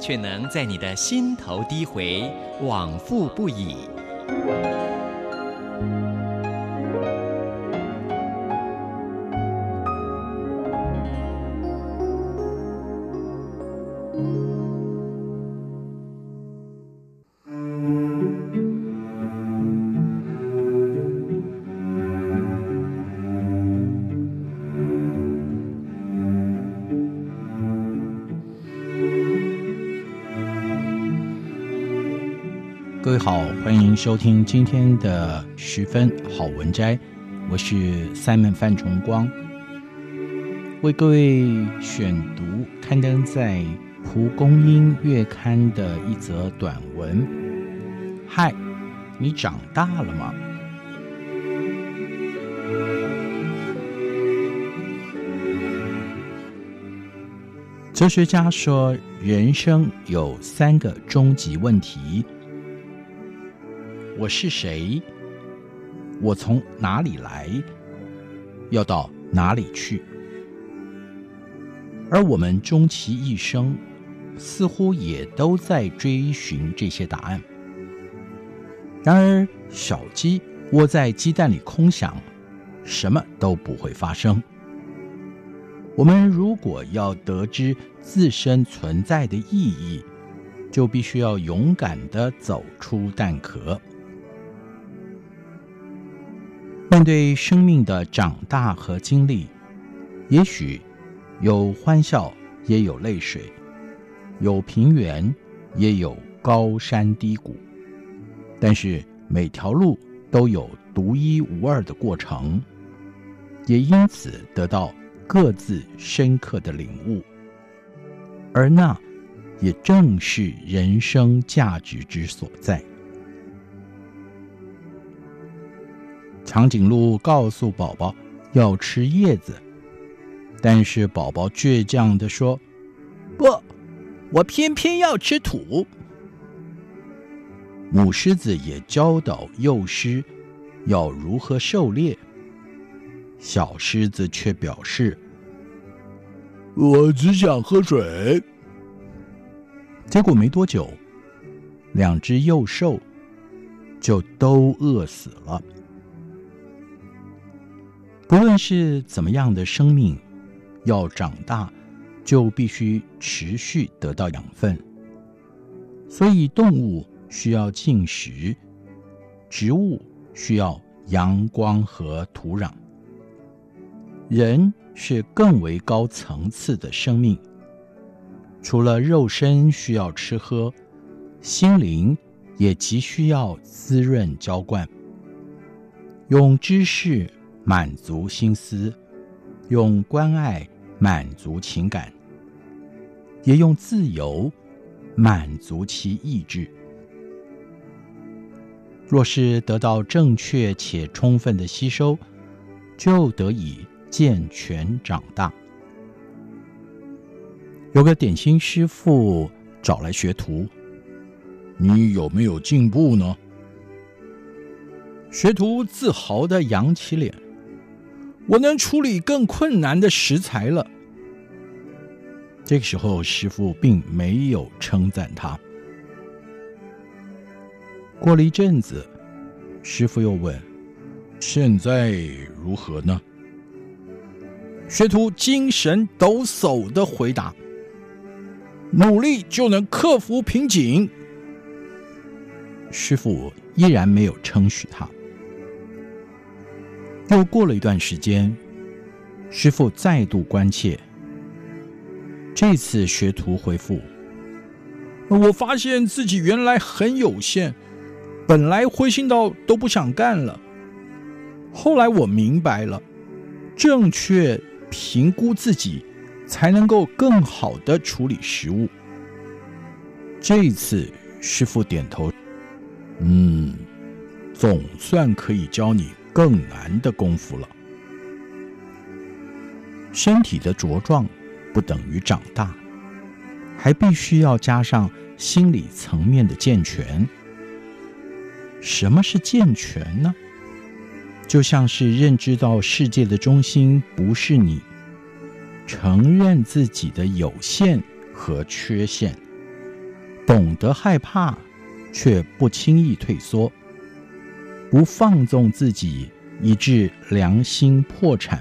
卻能在你的心頭低回，往復不已。各位好，歡迎收聽今天的十分好文摘，我是 Simon 范崇光，為各位選讀刊登在《蒲公英月刊》的一則短文。嗨，你長大了嗎？哲學家說，人生有三個終極問題。我是誰？我從哪裡來？要到哪裡去？而我們終其一生，似乎也都在追尋這些答案。然而，小雞窩在雞蛋裡空想，什麼都不會發生。我們如果要得知自身存在的意義，就必須要勇敢地走出蛋殼。面對生命的長大和經歷，也許有歡笑，也有淚水；有平原，也有高山低谷。但是每條路都有獨一無二的過程，也因此得到各自深刻的領悟。而那也正是人生價值之所在。長頸鹿告訴寶寶要吃葉子，但是寶寶倔強地說：“不，我偏偏要吃土。”母獅子也教導幼獅要如何狩獵，小獅子卻表示：“我只想喝水。”結果沒多久，兩隻幼獸就都餓死了。不論是怎麼樣的生命，要長大，就必須持續得到養分。所以，動物需要進食，植物需要陽光和土壤。人是更為高層次的生命，除了肉身需要吃喝，心靈也急需要滋潤澆灌。用知識。滿足心思，用關愛滿足情感，也用自由滿足其意志。若是得到正確且充分的吸收，就得以健全長大。有個點心師傅找來學徒：“你有沒有進步呢？”學徒自豪地揚起臉。我能處理更困難的食材了。這個時候，師傅並沒有稱讚他。過了一陣子，師傅又問：“現在如何呢？”學徒精神抖擻地回答：“努力就能克服瓶頸。”師傅依然沒有稱許他。又過了一段時間，師傅再度關切。這次學徒回復：“我發現自己原來很有限，本來灰心到都不想幹了。後來我明白了，正確評估自己，才能夠更好的處理事務。”這次，師傅點頭：“嗯，總算可以教你。”更難的功夫了。身體的茁壯不等於長大，還必須要加上心理層面的健全。什麼是健全呢？就像是認知到世界的中心不是你，承認自己的有限和缺陷，懂得害怕卻不輕易退縮。不放縱自己，以致良心破產。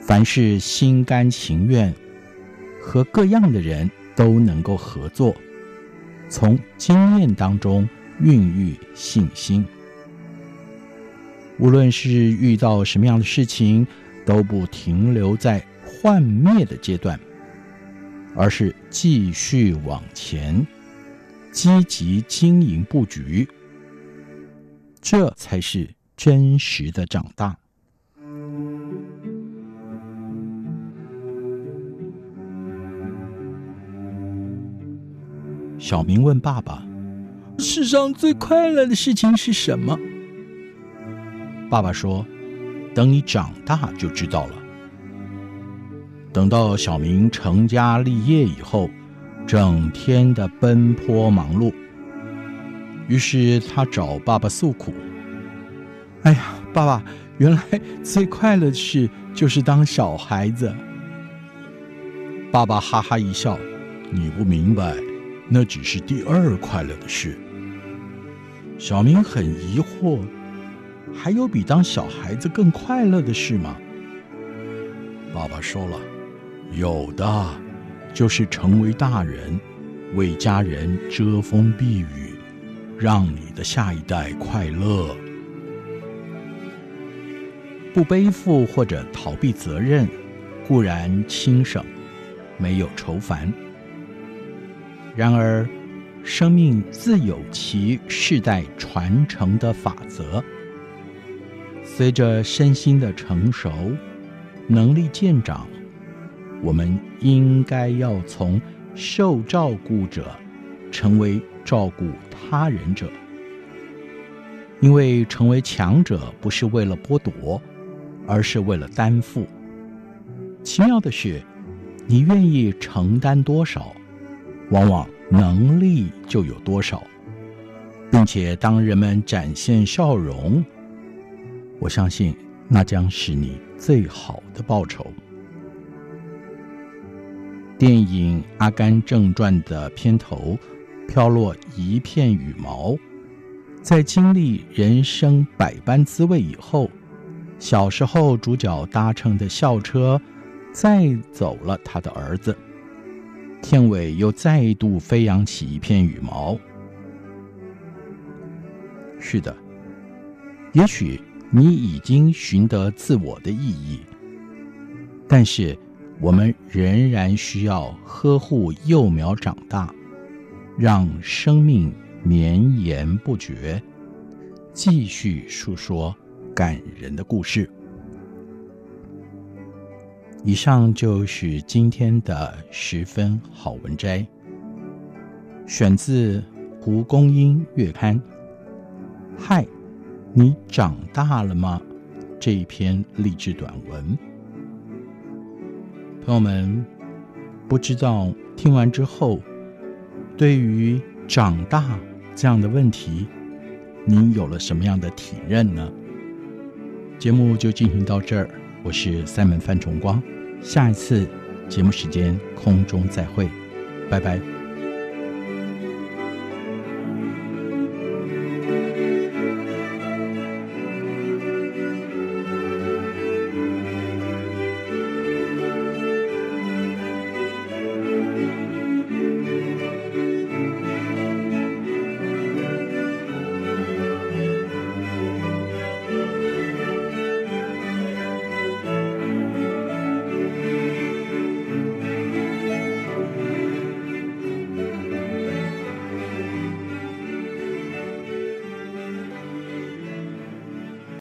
凡事心甘情願，和各樣的人都能夠合作，從經驗當中孕育信心。無論是遇到什麼樣的事情，都不停留在幻滅的階段，而是繼續往前，積極經營佈局。這才是真實的長大。小明問爸爸：“世上最快樂的事情是什麼？”爸爸說：“等你長大就知道了。”等到小明成家立業以後，整天的奔波忙碌。於是他找爸爸訴苦：“哎呀，爸爸，原來最快樂的事就是當小孩子。”爸爸哈哈一笑：“你不明白，那只是第二快樂的事。”小明很疑惑：“還有比當小孩子更快樂的事嗎？”爸爸說了：“有的，就是成為大人，為家人遮風避雨。”讓你的下一代快樂，不背負或者逃避責任，固然輕省，沒有愁煩。然而，生命自有其世代傳承的法則。隨着身心的成熟，能力漸長，我們應該要從受照顧者，成為。照顧他人者，因為成為強者不是為了剝奪，而是為了擔負。奇妙的是，你願意承擔多少，往往能力就有多少。並且，當人們展現笑容，我相信那將是你最好的報酬。電影《阿甘正傳》的片頭。飄落一片羽毛，在經歷人生百般滋味以後，小時候主角搭乘的校車，載走了他的兒子。天尾又再度飛揚起一片羽毛。是的，也許你已經尋得自我的意義，但是我們仍然需要呵護幼苗長大。讓生命綿延不絕，繼續訴說感人的故事。以上就是今天的十分好文摘，選自《蒲公英月刊》。嗨，你長大了嗎？這一篇勵志短文，朋友們，不知道聽完之後。對於長大這樣的問題，您有了什麼樣的體認呢？節目就進行到這兒，我是三門范重光，下一次節目時間空中再會，拜拜。